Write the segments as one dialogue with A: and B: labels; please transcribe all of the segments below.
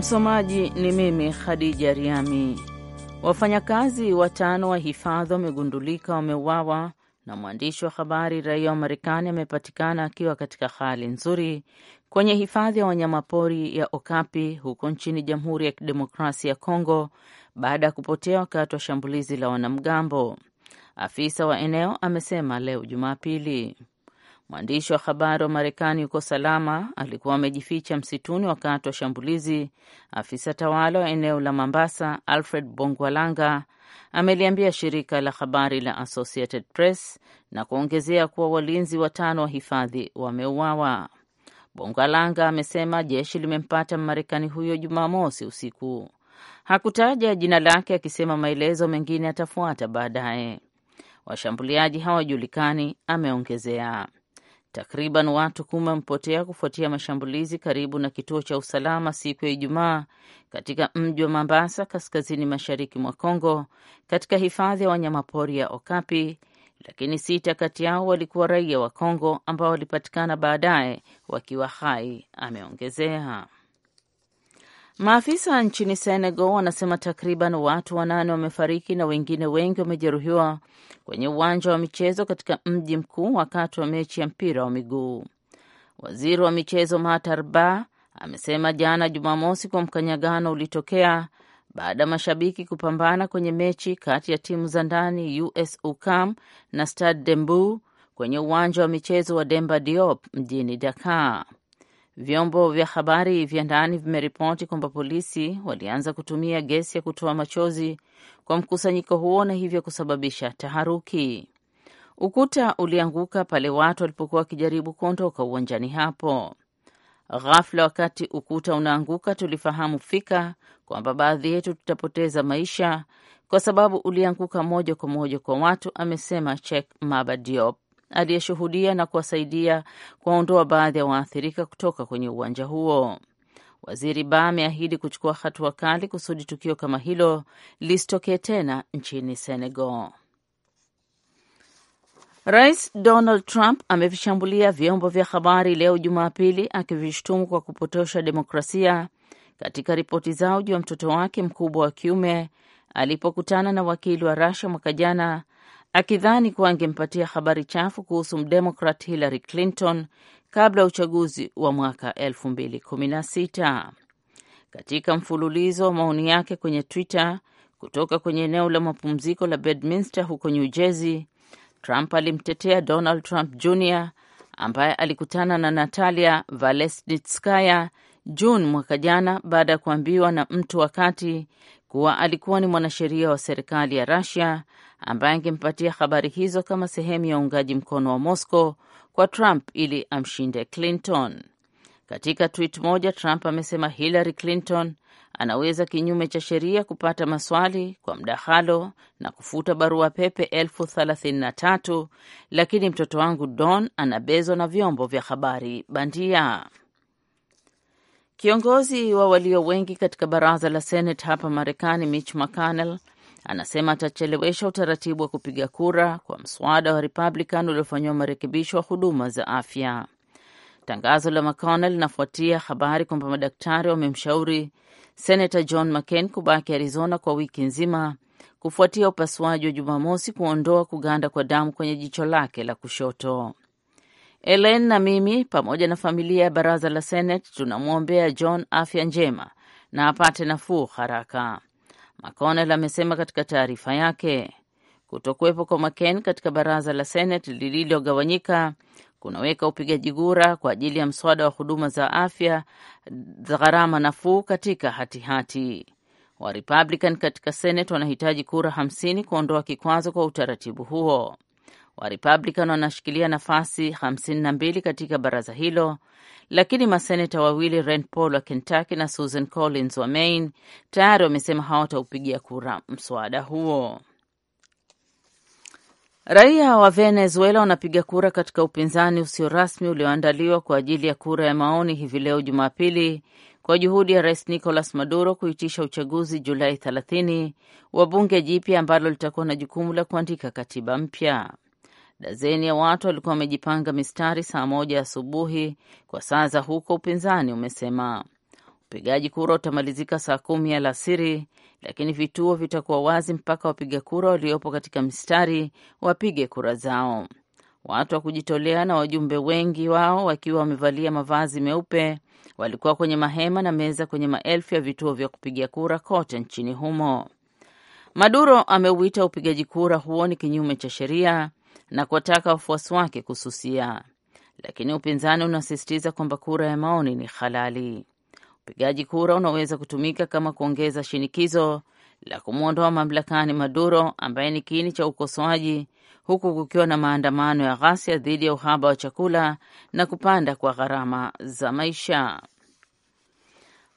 A: Msomaji ni mimi Khadija Riami. Wafanyakazi watano wa hifadhi wamegundulika wameuawa na mwandishi wa habari raia wa Marekani amepatikana akiwa katika hali nzuri kwenye hifadhi ya wanyamapori ya Okapi huko nchini Jamhuri ya Kidemokrasia ya Kongo baada ya kupotea wakati wa shambulizi la wanamgambo, afisa wa eneo amesema leo Jumapili. Mwandishi wa habari wa Marekani yuko salama, alikuwa amejificha msituni wakati wa shambulizi. Afisa tawala wa eneo la Mombasa, Alfred Bongwalanga, ameliambia shirika la habari la Associated Press na kuongezea kuwa walinzi watano wa hifadhi wameuawa. Bongwalanga amesema jeshi limempata Mmarekani huyo Jumamosi usiku. Hakutaja jina lake, akisema maelezo mengine yatafuata baadaye. Washambuliaji hawajulikani, ameongezea. Takriban watu kumi wamepotea kufuatia mashambulizi karibu na kituo cha usalama siku ya Ijumaa katika mji wa Mambasa, kaskazini mashariki mwa Kongo, katika hifadhi ya wanyamapori ya Okapi, lakini sita kati yao walikuwa raia wa Kongo ambao walipatikana baadaye wakiwa hai, ameongezea. Maafisa nchini Senegal wanasema takriban watu wanane wamefariki na wengine wengi wamejeruhiwa kwenye uwanja wa michezo katika mji mkuu wakati wa mechi ya mpira wa miguu. Waziri wa michezo Matar Ba amesema jana Jumamosi kwa mkanyagano ulitokea baada ya mashabiki kupambana kwenye mechi kati ya timu za ndani US UCAM na Stade Dembu kwenye uwanja wa michezo wa Demba Diop mjini Dakar. Vyombo vya habari vya ndani vimeripoti kwamba polisi walianza kutumia gesi ya kutoa machozi kwa mkusanyiko huo na hivyo kusababisha taharuki. Ukuta ulianguka pale watu walipokuwa wakijaribu kuondoka uwanjani hapo. Ghafla wakati ukuta unaanguka, tulifahamu fika kwamba baadhi yetu tutapoteza maisha kwa sababu ulianguka moja kwa moja kwa watu, amesema Chek Mabadiop aliyeshuhudia na kuwasaidia kuwaondoa baadhi ya waathirika kutoka kwenye uwanja huo. Waziri Ba ameahidi kuchukua hatua kali kusudi tukio kama hilo lisitokee tena nchini Senegal. Rais Donald Trump amevishambulia vyombo vya habari leo Jumapili, akivishutumu kwa kupotosha demokrasia katika ripoti zao juu ya mtoto wake mkubwa wa kiume alipokutana na wakili wa rasha mwaka jana akidhani kuwa angempatia habari chafu kuhusu mdemokrat Hillary Clinton kabla ya uchaguzi wa mwaka 2016. Katika mfululizo wa maoni yake kwenye Twitter kutoka kwenye eneo la mapumziko la Bedminster huko New Jersey, Trump alimtetea Donald Trump Jr ambaye alikutana na Natalia Valesnitskaya Juni mwaka jana baada ya kuambiwa na mtu wakati kuwa alikuwa ni mwanasheria wa serikali ya rasia ambaye angempatia habari hizo kama sehemu ya uungaji mkono wa Moscow kwa Trump ili amshinde Clinton. Katika tweet moja, Trump amesema Hillary Clinton anaweza kinyume cha sheria kupata maswali kwa mdahalo na kufuta barua pepe elfu thelathini na tatu, lakini mtoto wangu Don anabezwa na vyombo vya habari bandia. Kiongozi wa walio wengi katika baraza la Senate hapa Marekani, Mitch McConnell anasema atachelewesha utaratibu wa kupiga kura kwa mswada wa Republican uliofanyiwa marekebisho wa huduma za afya. Tangazo la McConnell linafuatia habari kwamba madaktari wamemshauri Senator John McCain kubaki Arizona kwa wiki nzima kufuatia upasuaji wa Jumamosi kuondoa kuganda kwa damu kwenye jicho lake la kushoto. Elaine na mimi pamoja na familia ya baraza la Senate tunamwombea John afya njema na apate nafuu haraka, McConnell amesema katika taarifa yake. Kutokuwepo kwa McCain katika baraza la Senate lililogawanyika kunaweka upigaji kura kwa ajili ya mswada wa huduma za afya za gharama nafuu katika hatihati. Warepublican katika Senate wanahitaji kura 50 kuondoa kikwazo kwa utaratibu huo. Warepublican wanashikilia nafasi 52 katika baraza hilo, lakini maseneta wawili Rand Paul wa Kentucky na Susan Collins wa Maine tayari wamesema hawataupigia kura mswada huo. Raia wa Venezuela wanapiga kura katika upinzani usio rasmi ulioandaliwa kwa ajili ya kura ya maoni hivi leo Jumapili, kwa juhudi ya rais Nicolas Maduro kuitisha uchaguzi Julai 30 wa bunge jipya ambalo litakuwa na jukumu la kuandika katiba mpya. Dazeni ya watu walikuwa wamejipanga mistari saa moja asubuhi kwa saa za huko, upinzani umesema. Upigaji kura utamalizika saa kumi alasiri, lakini vituo vitakuwa wazi mpaka wapiga kura waliopo katika mistari wapige kura zao. Watu wa kujitolea na wajumbe, wengi wao wakiwa wamevalia mavazi meupe, walikuwa kwenye mahema na meza kwenye maelfu ya vituo vya kupiga kura kote nchini humo. Maduro ameuita upigaji kura huo ni kinyume cha sheria na kuwataka wafuasi wake kususia, lakini upinzani unasisitiza kwamba kura ya maoni ni halali. Upigaji kura unaweza kutumika kama kuongeza shinikizo la kumwondoa mamlakani Maduro ambaye ni kiini cha ukosoaji, huku kukiwa na maandamano ya ghasia dhidi ya uhaba wa chakula na kupanda kwa gharama za maisha.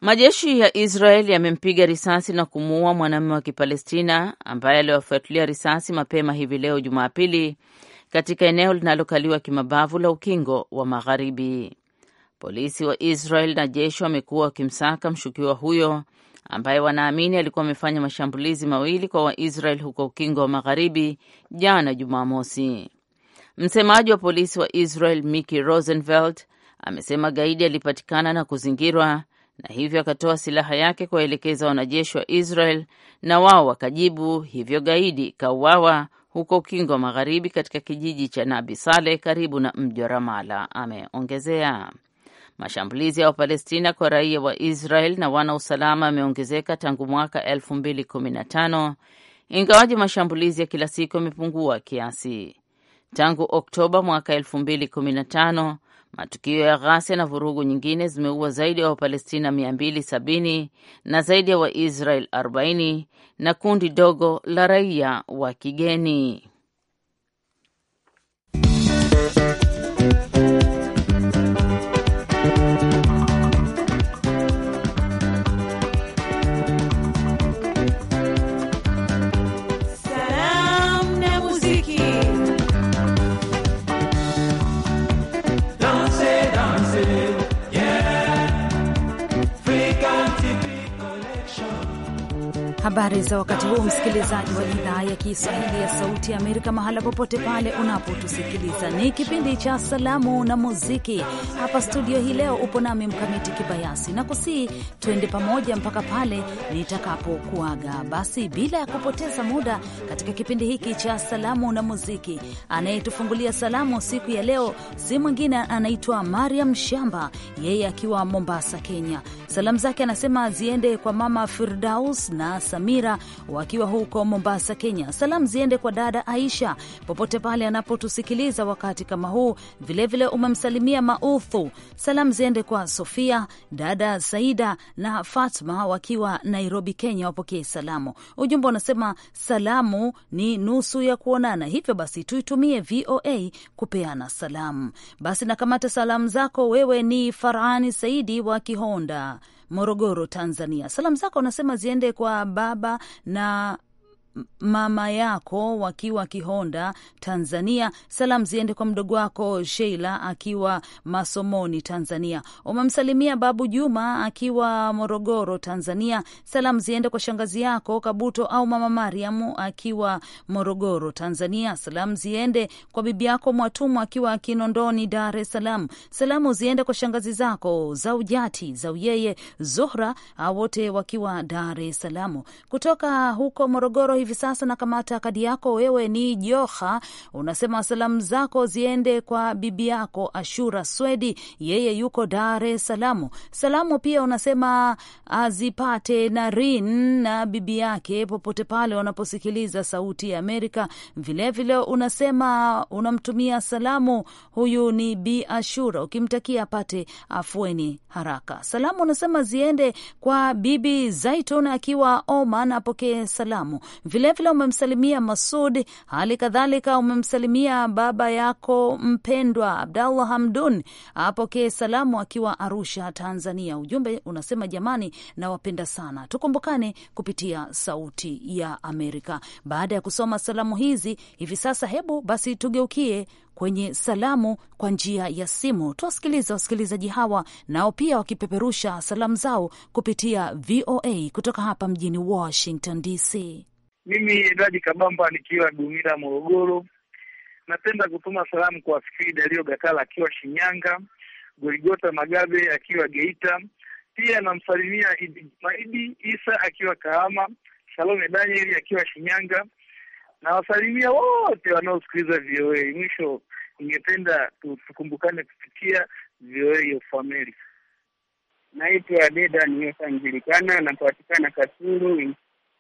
A: Majeshi ya Israel yamempiga risasi na kumuua mwanamume wa Kipalestina ambaye aliwafuatilia risasi mapema hivi leo Jumapili katika eneo linalokaliwa kimabavu la Ukingo wa Magharibi. Polisi wa Israel na jeshi wamekuwa wakimsaka mshukiwa huyo ambaye wanaamini alikuwa amefanya mashambulizi mawili kwa Waisrael huko Ukingo wa Magharibi jana Jumamosi. Msemaji wa polisi wa Israel Miki Rosenfeld amesema gaidi alipatikana na kuzingirwa na hivyo akatoa silaha yake kuwaelekeza wanajeshi wa Israel na wao wakajibu, hivyo gaidi kauawa huko Ukingo wa Magharibi katika kijiji cha Nabi Saleh karibu na mji wa Ramala. Ameongezea mashambulizi ya Wapalestina kwa raia wa Israel na wana usalama yameongezeka tangu mwaka 2015 ingawaji mashambulizi ya kila siku yamepungua kiasi tangu Oktoba mwaka 2015. Matukio ya ghasia na vurugu nyingine zimeua zaidi ya Wapalestina 270 na zaidi ya Waisrael 40 na kundi dogo la raia wa kigeni.
B: Habari za wakati huu, msikilizaji wa idhaa ya Kiswahili ya Sauti ya Amerika, mahala popote pale unapotusikiliza, ni kipindi cha Salamu na Muziki hapa studio hii. Leo upo nami Mkamiti Kibayasi na kusii, tuende pamoja mpaka pale nitakapokuaga. Basi bila ya kupoteza muda, katika kipindi hiki cha Salamu na Muziki, anayetufungulia salamu siku ya leo si mwingine, anaitwa Mariam Shamba, yeye akiwa Mombasa, Kenya. Salamu zake anasema ziende kwa Mama Firdaus na Samira wakiwa huko Mombasa, Kenya. Salamu ziende kwa dada Aisha popote pale anapotusikiliza wakati kama huu, vilevile umemsalimia Mauthu. Salamu ziende kwa Sofia, dada Saida na Fatma wakiwa Nairobi, Kenya, wapokee salamu. Ujumbe unasema salamu ni nusu ya kuonana, hivyo basi tuitumie VOA kupeana salamu. Basi nakamata salamu zako, wewe ni Farani Saidi wa Kihonda Morogoro, Tanzania. Salamu zako unasema ziende kwa baba na mama yako wakiwa Kihonda, Tanzania. Salamu ziende kwa mdogo wako Sheila akiwa masomoni Tanzania. Umemsalimia babu Juma akiwa Morogoro, Tanzania. Salamu ziende kwa shangazi yako Kabuto au mama mariam akiwa Morogoro, Tanzania. Salamu ziende kwa bibi yako Mwatumu akiwa Kinondoni, Dar es Salaam. Salamu ziende kwa shangazi zako Zaujati, Zauyeye, Zuhra, wote wakiwa Dar es Salaam. Kutoka huko Morogoro hivi sasa nakamata kadi yako. Wewe ni Joha, unasema salamu zako ziende kwa bibi yako Ashura Swedi, yeye yuko Dar es Salaam. Salamu pia unasema azipate Narin na bibi yake popote pale wanaposikiliza Sauti ya Amerika. Vilevile unasema unamtumia salamu, huyu ni Bi Ashura, ukimtakia apate afueni haraka. Salamu unasema ziende kwa bibi Zaitun akiwa Oman, apokee salamu. Vilevile umemsalimia Masud, hali kadhalika umemsalimia baba yako mpendwa Abdallah Hamdun, apokee salamu akiwa Arusha, Tanzania. Ujumbe unasema jamani, nawapenda sana, tukumbukane kupitia Sauti ya Amerika. Baada ya kusoma salamu hizi hivi sasa, hebu basi tugeukie kwenye salamu kwa njia ya simu, tuwasikiliza wasikilizaji hawa nao pia wakipeperusha salamu zao kupitia VOA kutoka hapa mjini Washington DC.
C: Mimi Edward Kabamba nikiwa Dumila, Morogoro, napenda kutuma salamu kwa Fikiri Dario Gatala akiwa Shinyanga, Gorigota Magabe akiwa Geita, pia namsalimia Idi Maidi Isa akiwa Kahama, Salome Daniel akiwa Shinyanga na wasalimia wote wanaosikiliza VOA. Mwisho, ningependa tukumbukane kupitia VOA of America. Naitwa Dedan Yosangilikana, napatikana Kasulu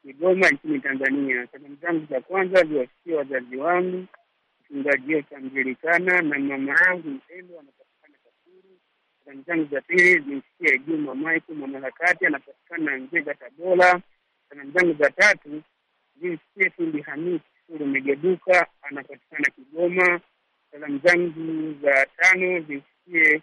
C: Kigoma nchini Tanzania. Salamu zangu za kwanza ziwafikia wazazi wangu mchungaji Yesu na mama yangu mpendwa anapatikana Kasuru. Salamu zangu za pili zimfikie Juma Michael mwanaharakati anapatikana Nzega, Tabora. Salamu zangu za tatu zimfikie fundi Hamisi Suru Megeduka anapatikana Kigoma. Salamu zangu za tano zimfikie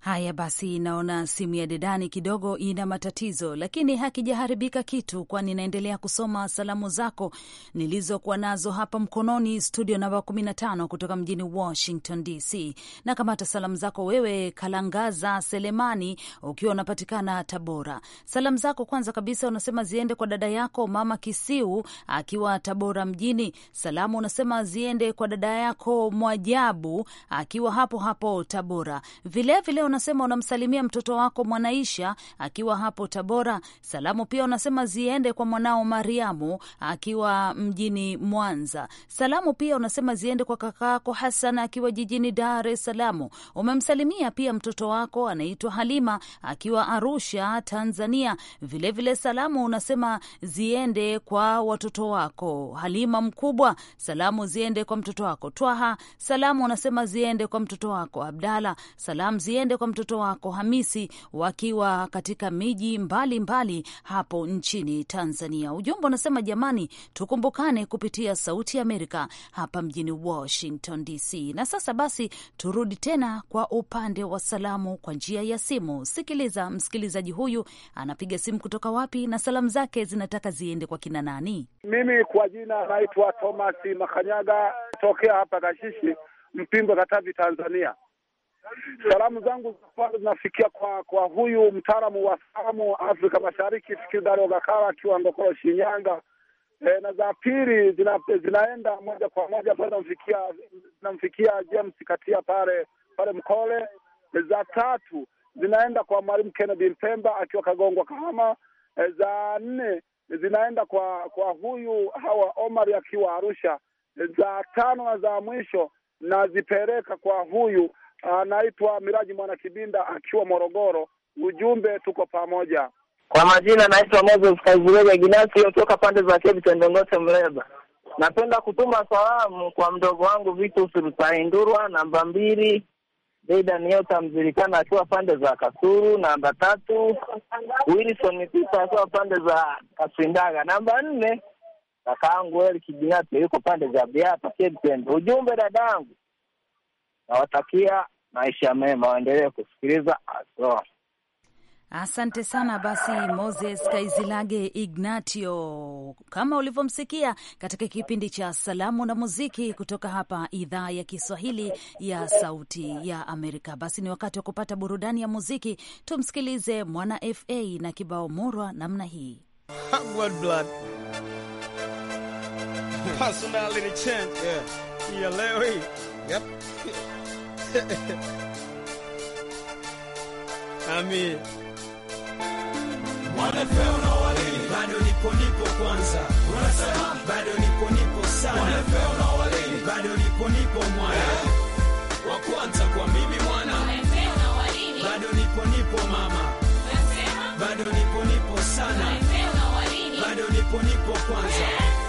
B: Haya basi, naona simu ya Dedani kidogo ina matatizo, lakini hakijaharibika kitu, kwani naendelea kusoma salamu zako nilizokuwa nazo hapa mkononi studio namba 15 kutoka mjini Washington DC. Na kamata salamu zako wewe, Kalangaza Selemani, ukiwa unapatikana Tabora. Salamu zako kwanza kabisa unasema ziende kwa dada yako mama Kisiu akiwa Tabora mjini. Salamu unasema ziende kwa dada yako Mwajabu akiwa hapo hapo Tabora. Vilevile unasema unamsalimia mtoto wako Mwanaisha akiwa hapo Tabora. Salamu pia unasema ziende kwa mwanao Mariamu akiwa mjini Mwanza. Salamu pia unasema ziende kwa kakaako Hasan akiwa jijini Dar es Salaam. Umemsalimia pia mtoto wako anaitwa Halima akiwa Arusha, Tanzania. Vilevile vile salamu unasema ziende kwa watoto wako Halima mkubwa. Salamu ziende kwa mtoto wako Twaha. Salamu unasema ziende kwa mtoto wako Abdala. Salamu ziende kwa mtoto wako Hamisi wakiwa katika miji mbalimbali mbali hapo nchini Tanzania. Ujumbe unasema jamani, tukumbukane kupitia Sauti ya Amerika hapa mjini Washington DC. Na sasa basi turudi tena kwa upande wa salamu kwa njia ya simu. Sikiliza msikilizaji huyu anapiga simu kutoka wapi na salamu zake zinataka ziende kwa kina nani?
C: Mimi kwa jina naitwa Thomas Makanyaga tokea hapa Kashishi Mpimbo, Katavi, Tanzania. Salamu zangu za kwanza zinafikia kwa kwa huyu mtaalamu wa salamu Afrika Mashariki, Fikiri Ogakara akiwa Ndokoro, Shinyanga. E, na za pili zina, zinaenda moja kwa moja pale namfikia namfikia James Katia pale pale Mkole. E, za tatu zinaenda kwa Mwalimu Kennedy Mpemba akiwa Kagongwa, Kahama. E, za nne zinaenda kwa kwa huyu Hawa Omari akiwa Arusha. E, za tano na za mwisho nazipeleka kwa huyu Anaitwa Miraji Mwana Kibinda akiwa Morogoro. Ujumbe tuko
D: pamoja. Kwa majina naitwa Moses Kazilega Ginasi kutoka pande za Kevita Ndongote Mleba. Napenda kutuma salamu kwa mdogo wangu Vitus Rusaindurwa namba mbili, Dedan Niota Mzirikana akiwa pande za Kasuru namba tatu, Wilson Mipita akiwa pande za kaswindaga namba nne, kakaangu Eli Ginasi yuko pande za Biata Ujumbe dadangu, nawatakia maisha mema, waendelee kusikiliza aso.
B: Asante sana basi, Moses Kaizilage Ignatio, kama ulivyomsikia katika kipindi cha salamu na muziki kutoka hapa idhaa ya Kiswahili ya Sauti ya Amerika. Basi ni wakati wa kupata burudani ya muziki. Tumsikilize Mwana FA na kibao murwa namna hii
C: Amin. Mwana fe unawalini, bado nipo nipo kwanza. Unasema bado nipo nipo sana. Mwana fe unawalini, bado nipo nipo mwana. Wa kwanza kwa mimi mwana. Bado nipo nipo mama. Bado nipo nipo sana. Bado nipo nipo kwanza. Eh?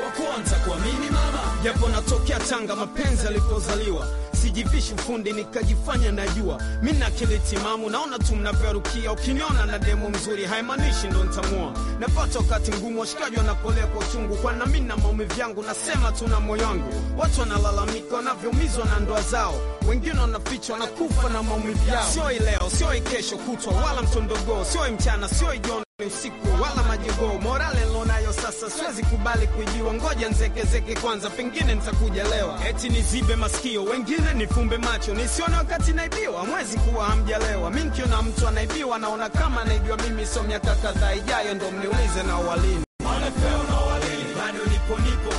C: wa kwanza mimi mama, japo natokea Tanga, mapenzi alipozaliwa sijivishi ufundi nikajifanya najua mi na akili timamu, naona tu mnavyorukia. Ukiniona na demo mzuri haimaanishi ndo nitamua. Napata wakati mgumu, washikaji wanapolea kwa uchungu, kwana mi na maumivu yangu, nasema tu na moyo wangu. Watu wanalalamika wanavyoumizwa na ndoa zao, wengine wanafichwa na kufa na maumivu yao. Sioi leo, sio kesho kutwa, wala mtondogoo, sioi mchana, sio jioni usiku wala majigo morale nayo sasa siwezi kubali kuijiwa, ngoja nzekezeke kwanza, pengine nitakuja lewa. Eti nizibe masikio, wengine nifumbe macho, nisione wakati naibiwa, mwezi kuwa hamjalewa. Mi nkiona mtu anaibiwa naona kama naibiwa mimi, so miaka kadhaa ijayo ndo mniulize na walini bado bado nipo nipo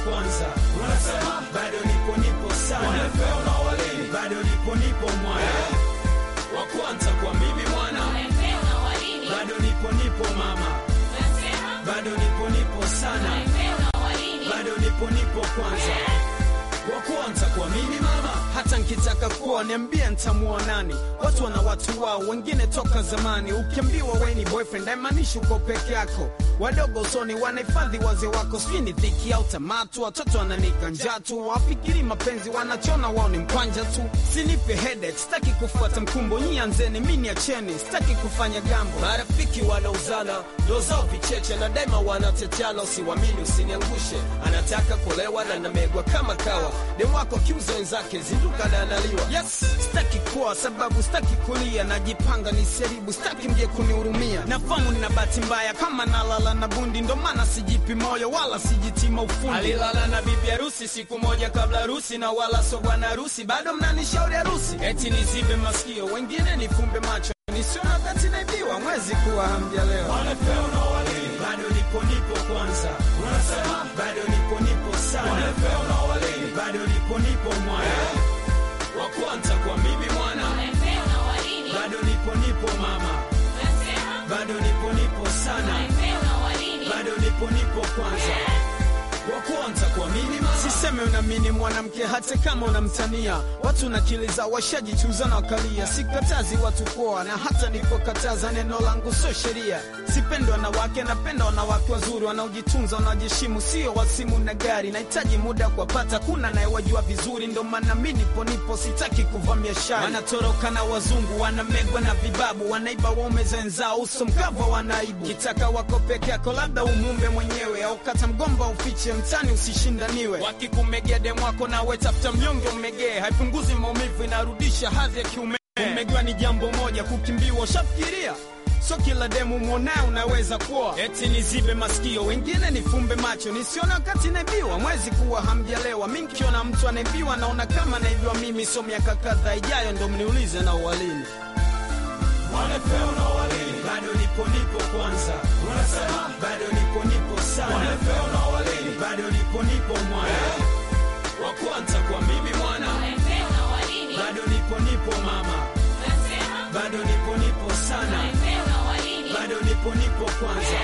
C: sana, bado nipo nipo mwana hapo nipo kwanza, wa kwanza kwa mimi mama. Hata nkitaka kuwa niambia ntamuonani. Watu wana watu wao, wengine toka zamani. Ukiambiwa we ni boyfriend haimaanishi uko peke yako wadogo usoni wanahifadhi wazee wako, sijui ni dhiki au tamatu. Watoto wananika njaa tu, wafikiri mapenzi wanachona wao ni mkwanja tu. Sinipe headache, sitaki kufuata mkumbo, nyi anzeni, mi niacheni, sitaki kufanya gambo. Marafiki wanauzana ndo zao vicheche na daima wanatetana, usiwamini usiniangushe, anataka kulewa na namegwa kama kawa, demu wako kiuzo wenzake, zinduka na analiwa. Yes, sitaki kuwa sababu, sitaki kulia, najipanga seribu, sitaki mje kunihurumia, nafamu nina bahati mbaya kama nalala Alilala na bundi, ndo maana sijipi moyo wala sijitima ufundi. Alilala na bibi harusi siku moja kabla harusi, na wala so bwana harusi. Bado mnanishauri harusi, eti nizibe masikio, wengine nifumbe macho, nisiona wakati naibiwa. Mwezi kuwa hamja leo, bado nipo nipo kwanza, unasema bado nipo nipo sana, bado nipo nipo mwana eh? wa kwanza kwa mimi mwana, bado nipo nipo mama, bado nipo nipo Nico Nico Kwanza. kwanza kuamini mama. Siseme unamini mwanamke hata kama unamtania, watu nakiliza washajichuza na wakalia. Sikatazi watu kuoa na hata nikokataza neno langu sio sheria. Sipendi wanawake, napenda wanawake wazuri, wanaojitunza, wanaojiheshimu, sio wasimu na gari. Nahitaji muda kuwapata, kuna nayewajua vizuri, ndo maana mi nipo nipo, sitaki kuvamia shari. Wanatoroka na wazungu, wanamegwa na vibabu, wanaiba waume zenzao, uso mkava wanaibu, kitaka wako peke yako, labda umumbe mwenyewe au kata mgomba ufiche mta shetani usishindaniwe, wakikumegea na nawe tafuta mnyonge umegee, haipunguzi maumivu, inarudisha hadhi ya kiume. Kumegewa ni jambo moja, kukimbiwa ushafikiria So kila demu mwona unaweza kuwa eti nizibe masikio, wengine nifumbe macho, nisiona wakati naibiwa, mwezi kuwa hamjalewa. Mi nkiona mtu anaibiwa naona kama naibiwa mimi, so miaka kadhaa ijayo ndo mniulize na uwalini bado nipo nipo kwanza, unasema bado nipo nipo sana bado nipo nipo mwana hey, wa kwanza kwa mimi mwana bado nipo nipo mama bado nipo nipo sana bado nipo nipo kwanza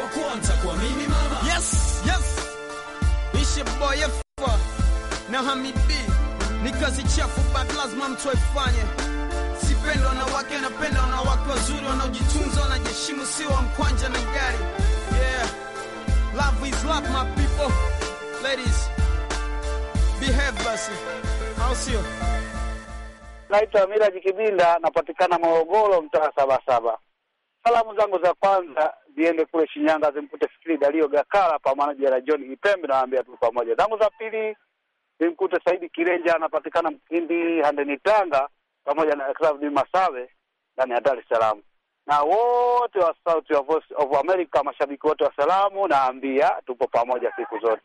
C: wa kwanza kwa mimi mama yes yes boy fwa na Hamidi ni kazi chafu but lazima mtu aifanye na wake napenda wanawake wazuri wanaojitunza, wanajiheshimu, sio wa mkwanja na gari Love is love, my people. Ladies, behave basi, see you. Naitwa Miraji Kibinda, napatikana Morogoro, mtaa Sabasaba. Salamu zangu za kwanza ziende kule Shinyanga, zimkute Fikiri Dalio Gakala pamoja jela John Ipembe, nawaambia tu pamoja. Zangu za pili zimkute Saidi Kirenja, anapatikana Mkindi Handeni Tanga, pamoja na Claudi Masawe ndani ya Dar es Salaam na wote wa Sauti ya Voice of America, mashabiki wote wa salamu, naambia tupo pamoja siku zote.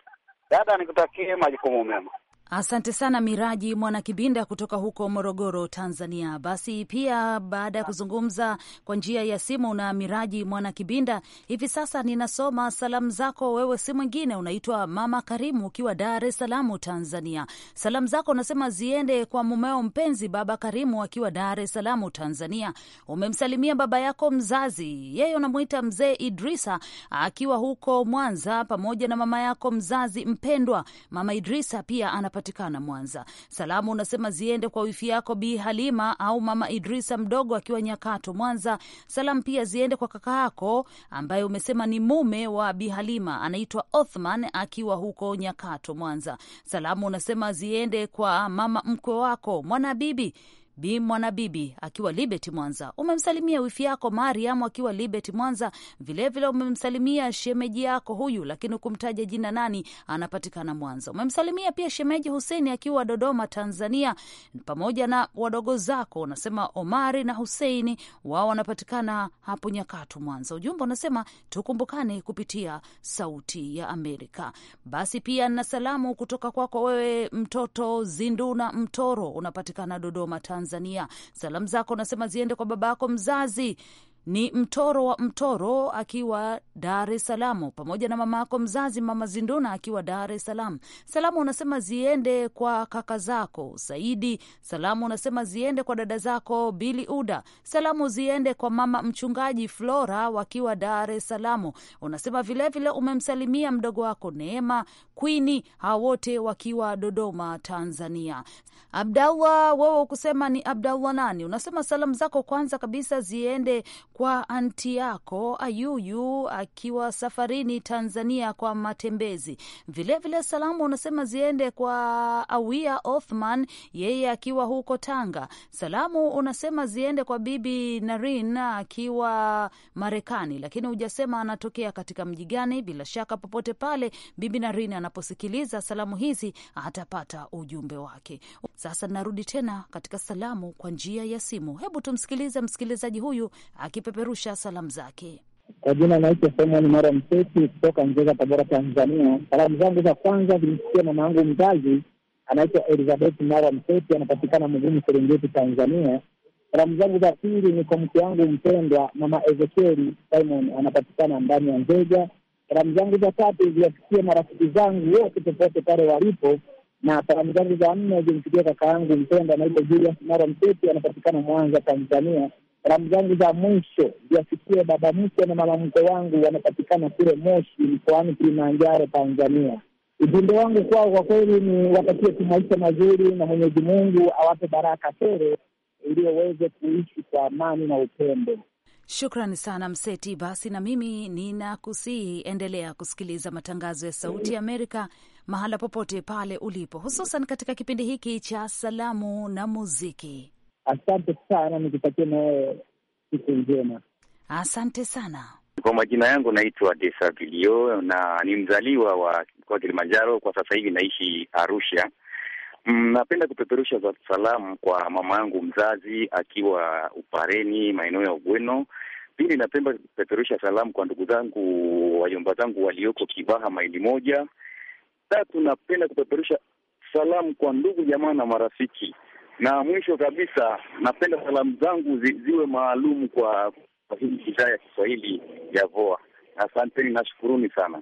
C: Dada, nikutakie majukumu mema.
B: Asante sana Miraji Mwana Kibinda kutoka huko Morogoro, Tanzania. Basi pia baada ya kuzungumza kwa njia ya simu na Miraji Mwana Kibinda, hivi sasa ninasoma salamu zako. Wewe si mwingine, unaitwa Mama Karimu ukiwa Dar es Salaam, Tanzania. Salamu zako unasema ziende kwa mumeo mpenzi, Baba Karimu akiwa Dar es Salaam, Tanzania. Umemsalimia baba yako mzazi, yeye unamwita Mzee Idrisa akiwa huko Mwanza, pamoja na mama yako mzazi mpendwa, Mama Idrisa pia anapa yanapatikana Mwanza. Salamu unasema ziende kwa wifi yako Bi Halima au Mama Idrisa mdogo akiwa Nyakato, Mwanza. Salamu pia ziende kwa kaka yako ambaye umesema ni mume wa Bi Halima, anaitwa Othman akiwa huko Nyakato, Mwanza. Salamu unasema ziende kwa mama mkwe wako Mwanabibi Bi Mwanabibi akiwa Libeti Mwanza, umemsalimia wifi yako Mariam akiwa Libeti Mwanza, vilevile umemsalimia shemeji yako huyu, lakini kumtaja jina nani anapatikana Mwanza. Umemsalimia pia shemeji Huseni akiwa Dodoma, Tanzania, pamoja na wadogo zako, unasema Omari na Huseini, wao wanapatikana hapo Nyakatu, Mwanza. Ujumbe unasema tukumbukane kupitia Sauti ya Amerika. Basi pia na salamu kutoka kwako wewe, mtoto Zinduna Mtoro, unapatikana Dodoma, Tanzania. Tanzania. Salamu zako nasema ziende kwa babako mzazi ni mtoro wa mtoro akiwa Dar es Salaam, pamoja na mama yako mzazi Mama Zinduna akiwa Dar es Salaam. Salamu unasema ziende kwa kaka zako Saidi, salamu unasema ziende kwa dada zako Bili Uda, salamu ziende kwa mama mchungaji Flora wakiwa Dar es Salaam. Unasema vilevile umemsalimia mdogo wako Neema Kwini, hawa wote wakiwa Dodoma, Tanzania. Abdallah, wewe ukusema ni Abdallah nani? Unasema salamu zako kwanza kabisa ziende kwa anti yako Ayuyu akiwa safarini Tanzania kwa matembezi. Vilevile vile salamu unasema ziende kwa Awia Othman, yeye akiwa huko Tanga. Salamu unasema ziende kwa Bibi Narin akiwa Marekani, lakini hujasema anatokea katika mji gani. Bila shaka popote pale Bibi Narin anaposikiliza salamu hizi atapata ujumbe wake. Sasa narudi tena katika salamu kwa njia ya simu. Hebu tumsikilize msikilizaji huyu aki akipeperusha salamu zake.
D: Kwa jina naitwa Simon Mara Mseti kutoka Nzega, Tabora, Tanzania. Salamu zangu za kwanza zimsikia mama yangu mzazi anaitwa Elizabeth Mara Mseti, anapatikana Mgumu, Serengeti, Tanzania. Salamu zangu za pili ni kwa mke wangu mpendwa mama Ezekieli Simon, anapatikana ndani ya Nzega. Salamu zangu za tatu ziwafikie marafiki zangu wote popote pale walipo, na salamu zangu za nne zimfikia kaka yangu mpendwa anaitwa Julius Mara Mseti, anapatikana Mwanza, Tanzania ramu zangu za mwisho ziwafikie baba mkwe na mama mkwe wangu wanapatikana kule Moshi mkoani Kilimanjaro, Tanzania. Ujumbe wangu kwao kwa kweli ni wapatie tu maisha mazuri na Mwenyezi Mungu awape baraka tele ili waweze kuishi kwa amani na upendo.
B: Shukrani sana Mseti. Basi na mimi ninakusihi, endelea kusikiliza matangazo ya Sauti ya Amerika mahala popote pale ulipo, hususan katika kipindi hiki cha salamu na muziki.
D: Asante sana, nikutakia na wewe siku njema.
B: Asante sana.
C: Kwa majina yangu naitwa Desavilio na ni mzaliwa wa mkoa wa Kilimanjaro. Kwa sasa hivi naishi Arusha. Mm, napenda kupeperusha za salamu kwa mama yangu mzazi akiwa Upareni, maeneo ya Ugweno. Pili, napenda kupeperusha salamu kwa ndugu zangu, wajomba zangu walioko Kibaha maili moja. Tatu, napenda kupeperusha salamu kwa ndugu jamaa na marafiki na mwisho kabisa, napenda salamu zangu zi, ziwe maalum kwa hii idhaa ya Kiswahili ya VOA. Asanteni, nashukuruni sana.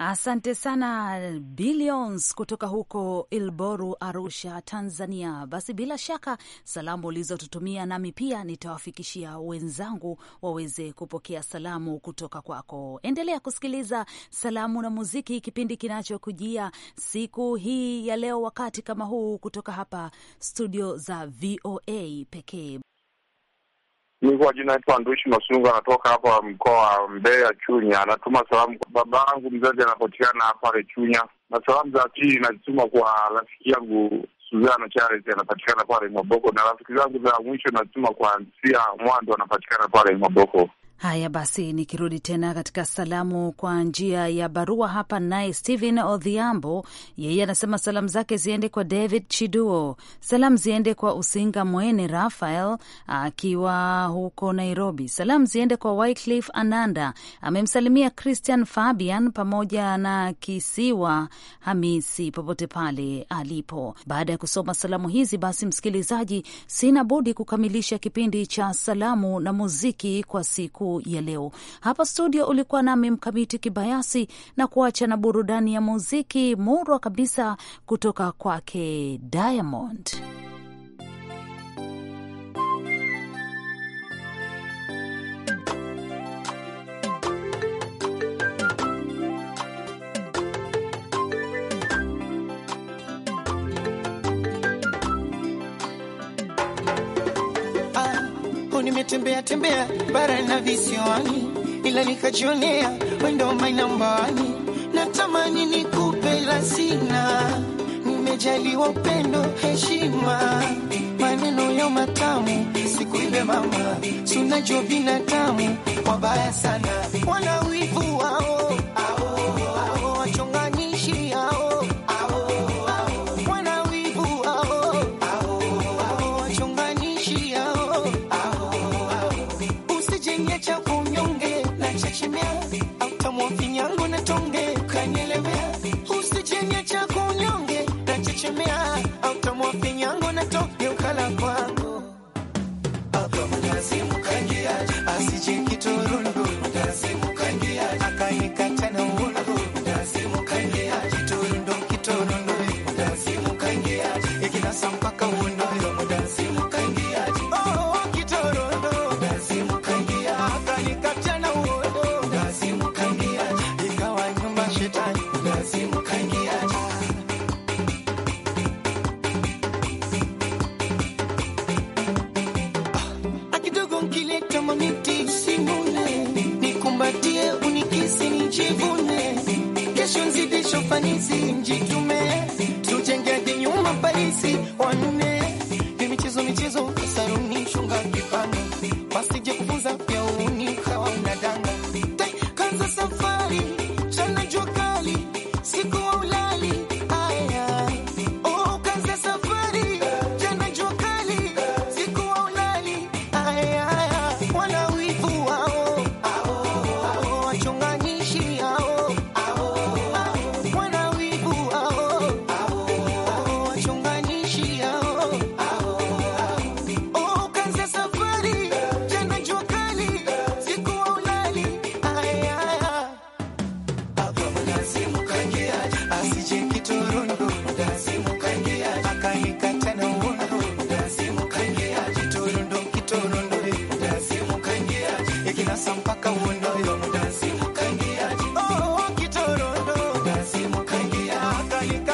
B: Asante sana Billions kutoka huko Ilboru, Arusha, Tanzania. Basi bila shaka salamu ulizotutumia nami pia nitawafikishia wenzangu waweze kupokea salamu kutoka kwako. Endelea kusikiliza salamu na muziki, kipindi kinachokujia siku hii ya leo, wakati kama huu, kutoka hapa studio za VOA pekee
C: ni kwa jina naitwa Anduishi Masunga, anatoka hapa mkoa wa Mbeya, Chunya. Anatuma salamu kwa babangu mzazi, anapatikana pale Chunya, na salamu za pili nazituma kwa rafiki yangu Suzana Charles anapatikana pale Maboko, na rafiki zangu za mwisho nazituma kwa Ansia Mwando anapatikana pale Maboko.
B: Haya basi, nikirudi tena katika salamu kwa njia ya barua hapa, naye Stephen Odhiambo yeye anasema salamu zake ziende kwa David Chiduo, salamu ziende kwa Usinga Mwene Rafael akiwa huko Nairobi, salamu ziende kwa Wycliffe Ananda, amemsalimia Christian Fabian pamoja na Kisiwa Hamisi popote pale alipo. Baada ya kusoma salamu hizi, basi msikilizaji, sina budi kukamilisha kipindi cha salamu na muziki kwa siku kuu ya leo. Hapa studio ulikuwa nami Mkamiti Kibayasi na kuacha na burudani ya muziki murwa kabisa kutoka kwake Diamond.
E: nimetembea tembea bara na visiwani, ila nikajionea wendo one. natamani nikupe la nimejaliwa upendo, heshima, maneno ya matamu siku ile mama, sunajua binadamu wabaya sana, wana wivu wao 脚步。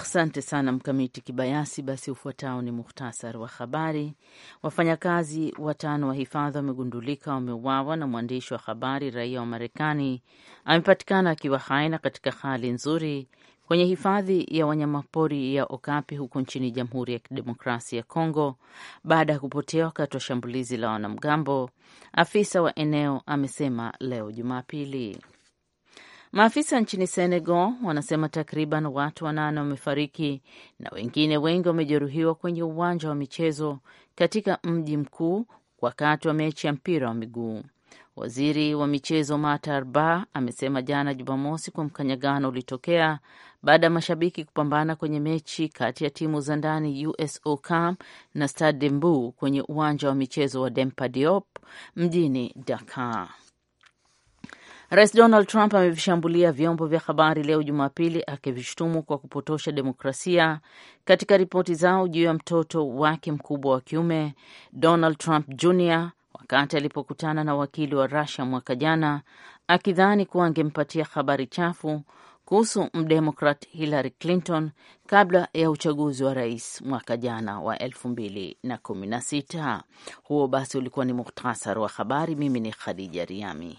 A: Asante sana Mkamiti Kibayasi. Basi ufuatao ni muhtasari wa habari. Wafanyakazi watano wa hifadhi wamegundulika wameuawa na mwandishi wa habari raia wa Marekani amepatikana akiwa hai na katika hali nzuri kwenye hifadhi ya wanyamapori ya Okapi huko nchini Jamhuri ya Kidemokrasia ya Kongo baada ya kupotea wakati wa shambulizi la wanamgambo, afisa wa eneo amesema leo Jumapili. Maafisa nchini Senegal wanasema takriban watu wanane wamefariki na wengine wengi wamejeruhiwa kwenye uwanja wa michezo katika mji mkuu wakati wa mechi ya mpira wa miguu. Waziri wa michezo Matar Ba amesema jana Jumamosi kwa mkanyagano ulitokea baada ya mashabiki kupambana kwenye mechi kati ya timu za ndani USO Camp na Stade Mbu kwenye uwanja wa michezo wa dempadiop Diop mjini Dakar. Rais Donald Trump amevishambulia vyombo vya habari leo Jumapili, akivishutumu kwa kupotosha demokrasia katika ripoti zao juu ya mtoto wake mkubwa wa kiume Donald Trump Jr wakati alipokutana na wakili wa rusia mwaka jana, akidhani kuwa angempatia habari chafu kuhusu mdemokrat Hillary Clinton kabla ya uchaguzi wa rais mwaka jana wa 2016. Huo basi ulikuwa ni muhtasari wa habari. Mimi ni Khadija Riami.